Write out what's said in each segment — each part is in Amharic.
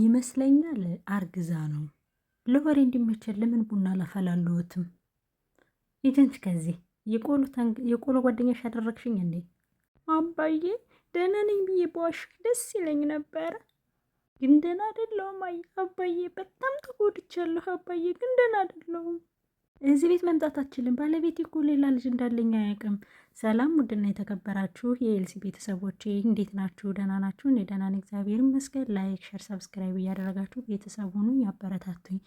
ይመስለኛል አርግዛ ነው። ለወሬ እንዲመቸል ለምን ቡና ላፈላለሁትም? ይጀንች ከዚህ የቆሎ ጓደኛሽ ያደረግሽኝ እንዴ? አባዬ ደህና ነኝ ብዬ በዋሽ ደስ ይለኝ ነበረ፣ ግን ደህና አይደለሁም። አይ አባዬ በጣም ተጎድቻለሁ። አባዬ ግን ደህና አይደለሁም። እዚህ ቤት መምጣት አችልም። ባለቤቴ እኮ ሌላ ልጅ እንዳለኝ አያውቅም። ሰላም ውድና የተከበራችሁ የኤልሲ ቤተሰቦቼ እንዴት ናችሁ? ደህና ናችሁ? እኔ ደህና ነኝ፣ እግዚአብሔር ይመስገን። ላይክ፣ ሸር፣ ሰብስክራይብ እያደረጋችሁ ቤተሰብ ሁኑ፣ ያበረታቱኝ።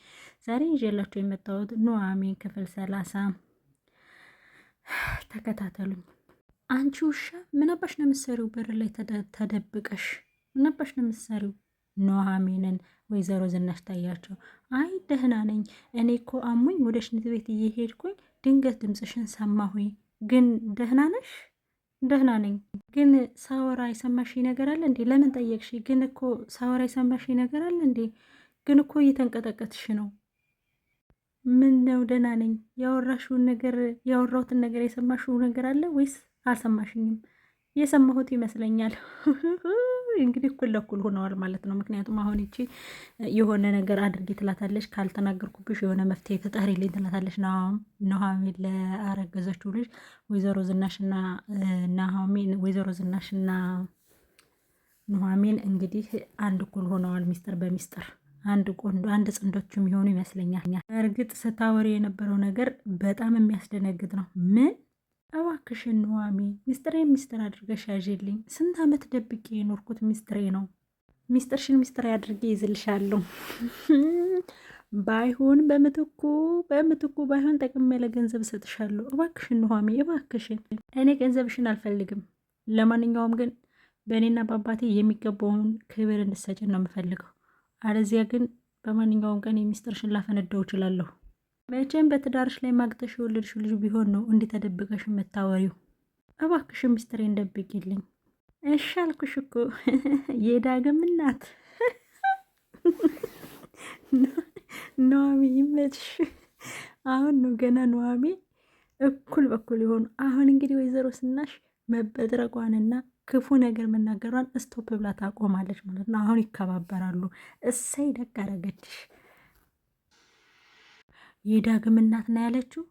ዛሬ ይዤላችሁ የመጣሁት ኑሃሚን ክፍል ሰላሳ ተከታተሉኝ። አንቺ ውሻ ምናባሽ ነው የምትሰሪው? በር ላይ ተደብቀሽ ምናባሽ ነው የምትሰሪው? ኑሃሚንን ወይዘሮ ዝናሽ ታያቸው። አይ ደህና ነኝ፣ እኔ እኮ አሞኝ ወደ ሽንት ቤት እየሄድኩኝ ድንገት ድምፅሽን ሰማሁኝ ግን ደህና ነሽ? ደህና ነኝ። ግን ሳወራ የሰማሽ ነገር አለ እንዴ? ለምን ጠየቅሽ? ግን እኮ ሳወራ የሰማሽ ነገር አለ እንዴ? ግን እኮ እየተንቀጠቀጥሽ ነው። ምን ነው? ደህና ነኝ። ያወራሽውን ነገር ያወራሁትን ነገር የሰማሽው ነገር አለ ወይስ አልሰማሽኝም? የሰማሁት ይመስለኛል። እንግዲህ እኩል ለኩል ሆነዋል ማለት ነው። ምክንያቱም አሁን ይቺ የሆነ ነገር አድርጌ ትላታለች፣ ካልተናገርኩብሽ የሆነ መፍትሄ ተጠሪልኝ ትላታለች። ኑሐሚን ለአረገዘችው ልጅ ወይዘሮ ዝናሽና ኑሐሚን ወይዘሮ ዝናሽና ኑሐሚን እንግዲህ አንድ እኩል ሆነዋል ሚስጥር በሚስጥር አንድ ቆንዶ አንድ ጽንዶች የሚሆኑ ይመስለኛል። እርግጥ ስታወሪ የነበረው ነገር በጣም የሚያስደነግጥ ነው። ምን እባክሽን ኑሐሚ ሚስጥሬ ሚስጥር አድርገሽ ያዥልኝ። ስንት ዓመት ደብቄ የኖርኩት ሚስጥሬ ነው። ሚስጥርሽን ሚስጥር አድርጌ ይዝልሻለሁ። ባይሆን በምትኩ በምትኩ ባይሆን ጠቅም ያለ ገንዘብ እሰጥሻለሁ። እባክሽን ኑሐሚ እባክሽን። እኔ ገንዘብሽን አልፈልግም። ለማንኛውም ግን በእኔና በአባቴ የሚገባውን ክብር እንድሰጭን ነው የምፈልገው። አለዚያ ግን በማንኛውም ቀን የሚስጥርሽን ላፈነደው እችላለሁ። መቼም በትዳርሽ ላይ ማግተሽ የወለድሽ ልጅ ቢሆን ነው እንዲህ ተደብቀሽ የምታወሪው። እባክሽ ሚስጥሬን ደብቂልኝ። እሺ አልኩሽ እኮ የዳግም እናት ነዋሚ ይመችሽ። አሁን ነው ገና ነዋሚ እኩል በኩል የሆኑ አሁን እንግዲህ ወይዘሮ ስናሽ መበድረቋንና ክፉ ነገር መናገሯን ስቶፕ ብላ ታቆማለች ማለት ነው። አሁን ይከባበራሉ። እሰይ ደግ አደረገችሽ። የዳግም እናት ነው ያለችው።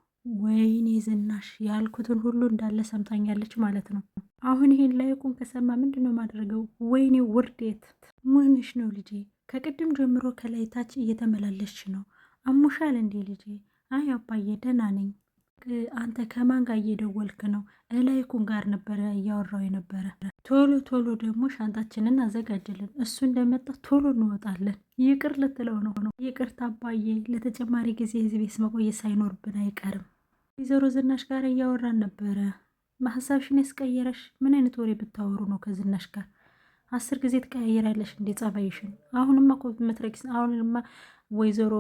ወይኔ ዝናሽ ያልኩትን ሁሉ እንዳለ ሰምታኛለች ማለት ነው። አሁን ይሄን ላይቁን ከሰማ ምንድን ነው ማድረገው? ወይኔ ውርዴት ምንሽ ነው ልጄ? ከቅድም ጀምሮ ከላይ ታች ነው። አሙሻል እንዴ ልጄ? አይ አባዬ ደህና ነኝ አንተ ከማን ጋር እየደወልክ ነው? እላይኩን ጋር ነበረ እያወራው የነበረ። ቶሎ ቶሎ ደግሞ ሻንጣችንን አዘጋጅልን፣ እሱ እንደመጣ ቶሎ እንወጣለን። ይቅር ልትለው ነው ነው። ይቅርታ አባዬ፣ ለተጨማሪ ጊዜ እዚህ ቤት መቆየት ሳይኖርብን አይቀርም። ወይዘሮ ዝናሽ ጋር እያወራን ነበረ። ሀሳብሽን ያስቀየረሽ ምን አይነት ወሬ ብታወሩ ነው ከዝናሽ ጋር? አስር ጊዜ ትቀያየራለሽ እንዴ ጸባይሽን? አሁንማ እኮ መትረጊስ፣ አሁንማ ወይዘሮ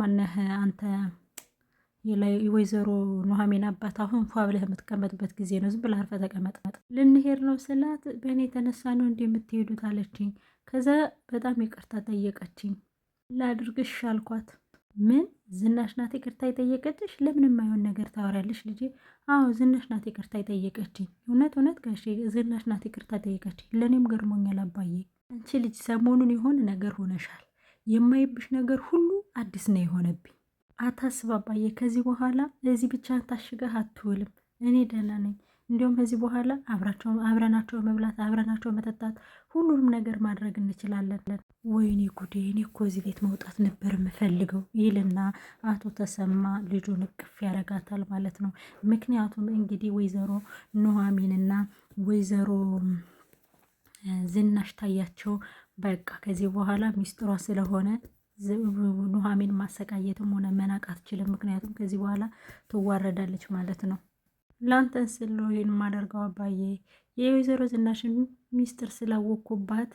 ማነህ አንተ የወይዘሮ ኑሐሚን አባት አሁን ፏ ብለህ የምትቀመጥበት ጊዜ ነው፣ ዝም ብለህ አርፈህ ተቀመጥ። ልንሄድ ነው ስላት በእኔ የተነሳ ነው እንዲህ የምትሄዱት አለችኝ። ከዛ በጣም ይቅርታ ጠየቀችኝ። ላድርግሽ አልኳት። ምን ዝናሽ ናት ይቅርታ የጠየቀችሽ? ለምን የማይሆን ነገር ታወሪያለሽ ልጄ? አዎ ዝናሽ ናት ይቅርታ የጠየቀችኝ። እውነት እውነት ጋሼ ዝናሽ ናት ይቅርታ ጠየቀችኝ። ለእኔም ገርሞኛል አባዬ። አንቺ ልጅ ሰሞኑን የሆነ ነገር ሆነሻል። የማይብሽ ነገር ሁሉ አዲስ ነው የሆነብኝ አታስብ ከዚህ በኋላ ለዚህ ብቻ ታሽገህ አትውልም። እኔ ደህና ነኝ። እንዲሁም ከዚህ በኋላ አብራቸው አብረናቸው መብላት አብረናቸው መጠጣት ሁሉንም ነገር ማድረግ እንችላለን። ወይኔ ጉዴ፣ እኔ እኮ እዚህ ቤት መውጣት ነበር የምፈልገው ይልና አቶ ተሰማ ልጁን እቅፍ ያደርጋታል ማለት ነው። ምክንያቱም እንግዲህ ወይዘሮ ኑሐሚንና ወይዘሮ ዝናሽ ታያቸው በቃ ከዚህ በኋላ ሚስጥሯ ስለሆነ ኑሐሚን ማሰቃየትም ሆነ መናቅ አትችልም። ምክንያቱም ከዚህ በኋላ ትዋረዳለች ማለት ነው። ላንተን ስለ ይህን ማደርገው የማደርገው አባዬ፣ የወይዘሮ ዝናሽን ሚስጥር ስላወቅኩባት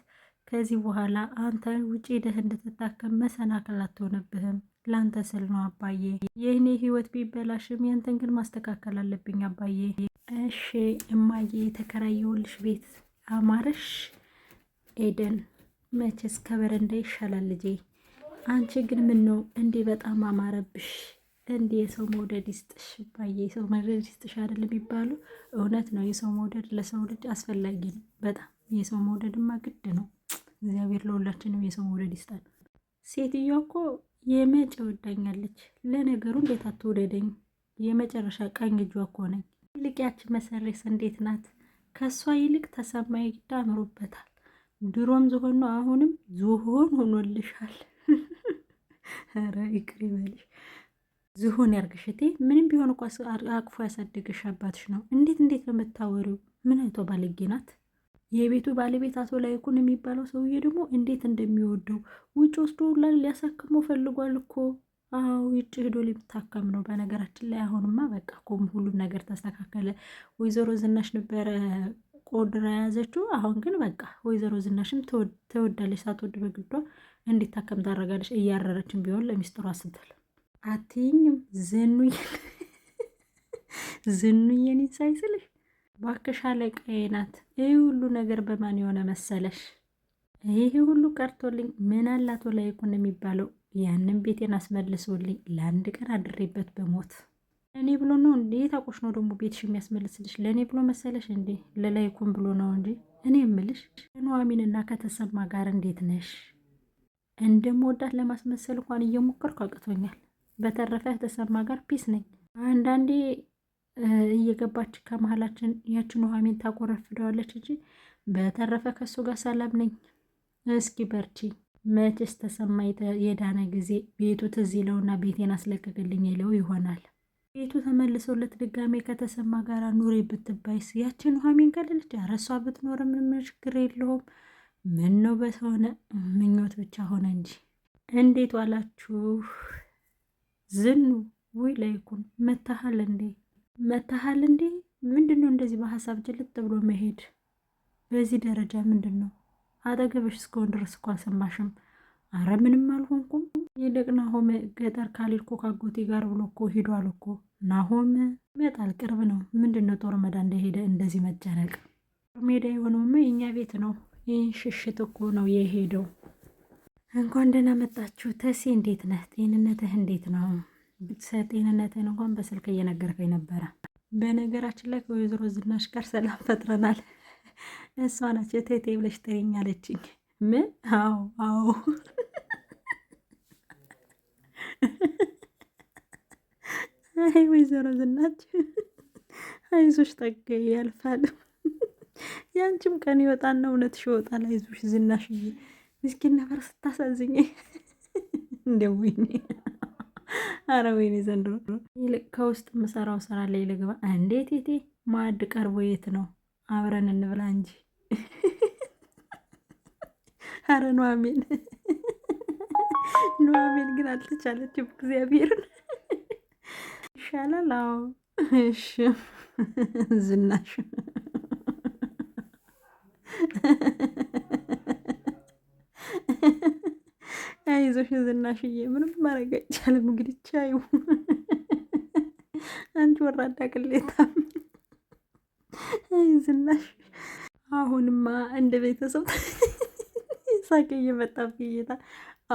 ከዚህ በኋላ አንተ ውጭ ደህ እንድትታከም መሰናክል አትሆንብህም። ላንተ ስል ነው አባዬ። የእኔ ህይወት ቢበላሽም ያንተን ግን ማስተካከል አለብኝ አባዬ። እሺ እማዬ፣ የተከራየውልሽ ቤት አማረሽ ኤደን። መቼስ ከበረንዳ ይሻላል ልጄ። አንቺ ግን ምን ነው እንዴ? በጣም አማረብሽ እንዴ! የሰው መውደድ ይስጥሽ ባየ የሰው መውደድ ይስጥሽ አይደል የሚባሉ? እውነት ነው። የሰው መውደድ ለሰው ልጅ አስፈላጊ ነው በጣም የሰው መውደድማ ግድ ነው። እግዚአብሔር ለሁላችንም የሰው መውደድ ይስጣል። ሴትዮዋ እኮ የመጨ ወዳኛለች። ለነገሩ እንዴት አትወደደኝ? የመጨረሻ ቀኝ እጇ እኮ ነኝ። ይልቅ ያች መሰሬስ እንዴት ናት? ከእሷ ይልቅ ተሰማይ ግድ አምሮበታል። ድሮም ዝሆን ነው፣ አሁንም ዝሆን ሆኖልሻል። ኧረ ይቅር ይበልሽ። ዝሆን ያርግሽ እቴ። ምንም ቢሆን እኮ አቅፎ ያሳደገሽ አባትሽ ነው። እንዴት እንዴት ነው የምታወሪው? ምን አይቶ ባለጌ ናት። የቤቱ ባለቤት አቶ ላይኩን የሚባለው ሰውዬ ደግሞ እንዴት እንደሚወደው ውጭ ወስዶ ላ ሊያሳክመው ፈልጓል እኮ። አዎ ውጭ ሄዶ ሊታከም ነው። በነገራችን ላይ አሁንማ በቃ ኮም ሁሉም ነገር ተስተካከለ። ወይዘሮ ዝናሽ ነበረ ቆድራ የያዘችው። አሁን ግን በቃ ወይዘሮ ዝናሽም ትወዳለች ሳትወድ በግዷ እንዲታከም ታደርጋለች። እያረረችን ቢሆን ለሚስጥሯ ስትል አትይኝም። ዝኑዬን ዝኑዬን ሳይስልሽ ባክሽ አለቃዬ ናት። ይህ ሁሉ ነገር በማን የሆነ መሰለሽ? ይህ ሁሉ ቀርቶልኝ ምን አላቶ ላይ ኩን የሚባለው ያንን ቤቴን አስመልሶልኝ ለአንድ ቀን አድሬበት በሞት እኔ ብሎ ነው እንዴ? ታቆሽ ነው ደግሞ ቤትሽ የሚያስመልስልሽ? ለእኔ ብሎ መሰለሽ እንዴ? ለላይኩን ብሎ ነው እንጂ እኔ የምልሽ ከኑሐሚንና ከተሰማ ጋር እንዴት ነሽ? እንደምወዳት ለማስመሰል እንኳን እየሞከርኩ አቅቶኛል። በተረፈ ተሰማ ጋር ፒስ ነኝ። አንዳንዴ እየገባች ከመሀላችን ያችን ውሃሜን ታቆረፍደዋለች እንጂ በተረፈ ከእሱ ጋር ሰላም ነኝ። እስኪ በርቺ። መቼስ ተሰማ የዳነ ጊዜ ቤቱ ትዝ ይለውና ቤቴን አስለቀቅልኝ ይለው ይሆናል። ቤቱ ተመልሶለት ድጋሜ ከተሰማ ጋር ኑሬ ብትባይስ ያችን ውሃሜን ከልልች ረሷ ብትኖር ምንም ችግር የለውም። ምን ነው በሰሆነ ምኞት ብቻ ሆነ እንጂ እንዴት ዋላችሁ? ዝኑ ውይ ላይኩን መታሃል እንዴ መታሃል እንዴ? ምንድን ነው እንደዚህ በሀሳብ ጭልጥ ብሎ መሄድ በዚህ ደረጃ ምንድን ነው? አጠገብሽ እስከሆን ድረስ እኮ አልሰማሽም። አረ ምንም አልሆንኩም። ይልቅ ናሆም ገጠር ካልሄድኩ ካጎቴ ጋር ብሎ እኮ ሂዷል እኮ ናሆም ይመጣል፣ ቅርብ ነው። ምንድን ነው ጦር ሜዳ እንደሄደ እንደዚህ መጨነቅ? ጦር ሜዳ የሆነውም የእኛ ቤት ነው። ይህን ሽሽት እኮ ነው የሄደው። እንኳን ደህና መጣችሁ ተሴ፣ እንዴት ነህ? ጤንነትህ እንዴት ነው? ጤንነትህን እንኳን በስልክ እየነገርከኝ ነበረ። በነገራችን ላይ ከወይዘሮ ዝናሽ ጋር ሰላም ፈጥረናል። እሷ ናቸው ቴቴ ብለሽ ጥሪኝ አለችኝ። ምን? አዎ አዎ አይ ወይዘሮ ዝናች አይዞሽ፣ ጠገ ያልፋል። ያንቺም ቀን ይወጣና እውነትሽ ይወጣል። አይዞሽ ዝናሽዬ፣ ምስኪን ነበር ስታሳዝኝ። እንደ ወይኔ አረ ወይኔ ዘንድሮ ከውስጥ የምሰራው ስራ ላይ ልግባ። እንዴት ቴቴ ማዕድ ቀርቦ የት ነው? አብረን እንብላ እንጂ። አረ ኑሐሚን ኑሐሚን ግን አልተቻለችም። እግዚአብሔርን ይሻላል። አዎ እሺ ዝናሽ አይዞሽ ዝናሽዬ፣ ምንም ማድረግ አይቻልም። እንግዲህ ቻዩ አንቺ ወራዳ ቅሌታም። አይ ዝናሽ፣ አሁንማ እንደ ቤተሰብ ሳቅ እየመጣብኝ እይታ።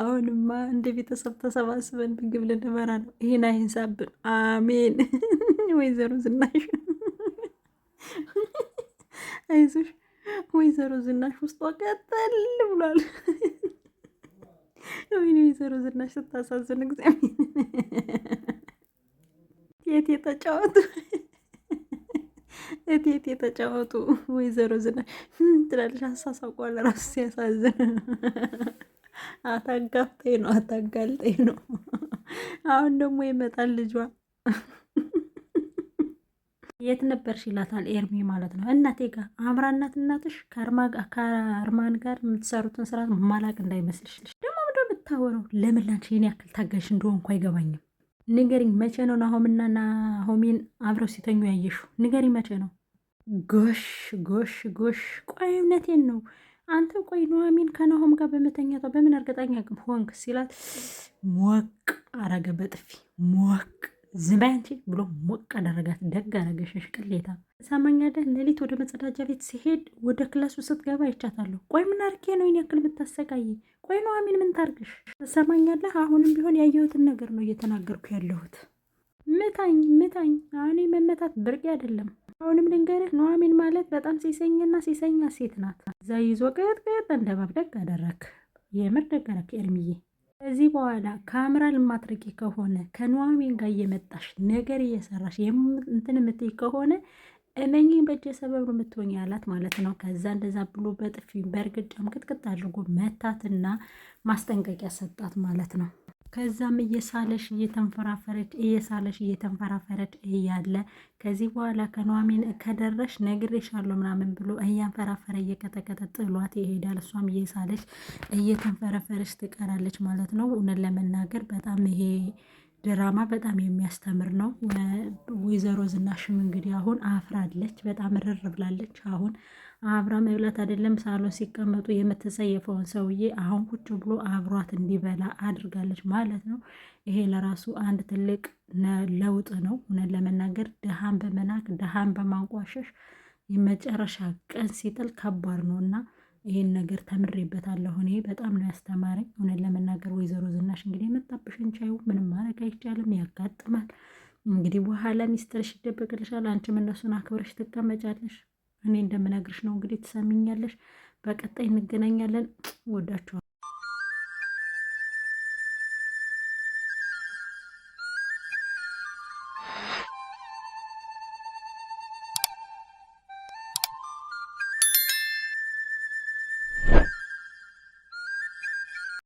አሁንማ እንደ ቤተሰብ ተሰባስበን ምግብ ልንበራ ነው። ይሄን አይንሳብን። አሜን። ወይዘሮ ዝናሽ አይዞሽ ወይዘሮ ዝናሽ ውስጧ ቀጠል ብሏል። ወይኔ ወይዘሮ ዝናሽ ስታሳዝን እግዚአብሔር የት የተጫወቱ እቴ እቴ ተጫወቱ ወይዘሮ ዝናሽ ትላለች። አሳሳቋል ራሱ ሲያሳዝን። አታጋፍጤ ነው አታጋልጤ ነው። አሁን ደግሞ ይመጣል ልጇ የት ነበርሽ ይላታል ኤርሚ ማለት ነው። እናቴ ጋር አምራ እናት እናትሽ ከአርማን ጋር የምትሰሩትን ስራ ማላቅ እንዳይመስልሽ። ደግሞ ምንድን የምታወረው? የምታወራው? ለምን ላንቺ የኔ ያክል ታጋሽ እንደሆንኩ አይገባኝም። ንገሪኝ መቼ ነው ናሆምና ናሆሜን አብረው ሲተኙ ያየሹ? ንገሪኝ መቼ ነው? ጎሽ ጎሽ ጎሽ፣ ቆይ እውነቴን ነው አንተ ቆይ ኑሐሚን ከናሆም ጋር በመተኛቷ በምን እርግጠኛ ሆንክ? ሲላት ሞቅ አረገ በጥፊ ሞቅ ዝም ብሎ ሞቅ አደረጋት። ደግ አረገሸሽ ቅሌታ ሳመኛለን። ሌሊት ወደ መጸዳጃ ቤት ሲሄድ ወደ ክላሱ ስትገባ አይቻታለሁ። ቆይ ምን አርጌ ነው ይህን ያክል የምታሰቃይ? ቆይ ነው አሚን ምን ታርግሽ? ትሰማኛለህ? አሁንም ቢሆን ያየሁትን ነገር ነው እየተናገርኩ ያለሁት። ምታኝ ምታኝ። እኔ መመታት ብርቅ አይደለም። አሁንም ልንገርህ ኑሐሚን ማለት በጣም ሴሰኝና ሴሰኛ ሴት ናት። እዛ ይዞ ቀጥ እንደባብ ደግ አደረክ። የምር ደግ አደረክ ኤርሚዬ። ከዚህ በኋላ ከአምራን የማትረጊ ከሆነ ከኑሐሚን ጋር እየመጣሽ ነገር እየሰራሽ እንትን የምትይ ከሆነ እመኝ በእጅ ሰበብ ነው የምትሆኝ ያላት ማለት ነው። ከዛ እንደዛ ብሎ በጥፊ በእርግጫም ቅጥቅጥ አድርጎ መታትና ማስጠንቀቂያ ሰጣት ማለት ነው። ከዛም እየሳለሽ እየተንፈራፈረች እየሳለሽ እየተንፈራፈረች እያለ ከዚህ በኋላ ከኑሐሚን ከደረሽ ነግሬሻለሁ ምናምን ብሎ እያንፈራፈረ እየቀጠቀጠ ጥሏት ይሄዳል። እሷም እየሳለች እየተንፈረፈረች ትቀራለች ማለት ነው። እውነት ለመናገር በጣም ይሄ ድራማ በጣም የሚያስተምር ነው። ወይዘሮ ዝናሽም እንግዲህ አሁን አፍራለች፣ በጣም ርር ብላለች አሁን አብራ መብላት አይደለም ሳሎን ሲቀመጡ የምትጸየፈውን ሰውዬ አሁን ቁጭ ብሎ አብሯት እንዲበላ አድርጋለች ማለት ነው። ይሄ ለራሱ አንድ ትልቅ ለውጥ ነው። እውነት ለመናገር ድሃን በመናቅ ድሃን በማንቋሸሽ የመጨረሻ ቀን ሲጥል ከባድ ነው እና ይህን ነገር ተምሬበታለሁ እኔ። በጣም ነው ያስተማረኝ። እውነት ለመናገር ወይዘሮ ዝናሽ እንግዲህ የመጣብሽን ቻዩ ምንም ማድረግ አይቻልም፣ ያጋጥማል። እንግዲህ በኋላ ሚስጥርሽ ይደበቅልሻል። አንቺም እነሱን አክብረሽ ትቀመጫለሽ። እኔ እንደምነግርሽ ነው እንግዲህ ትሰሚኛለሽ። በቀጣይ እንገናኛለን። ወዳችኋል።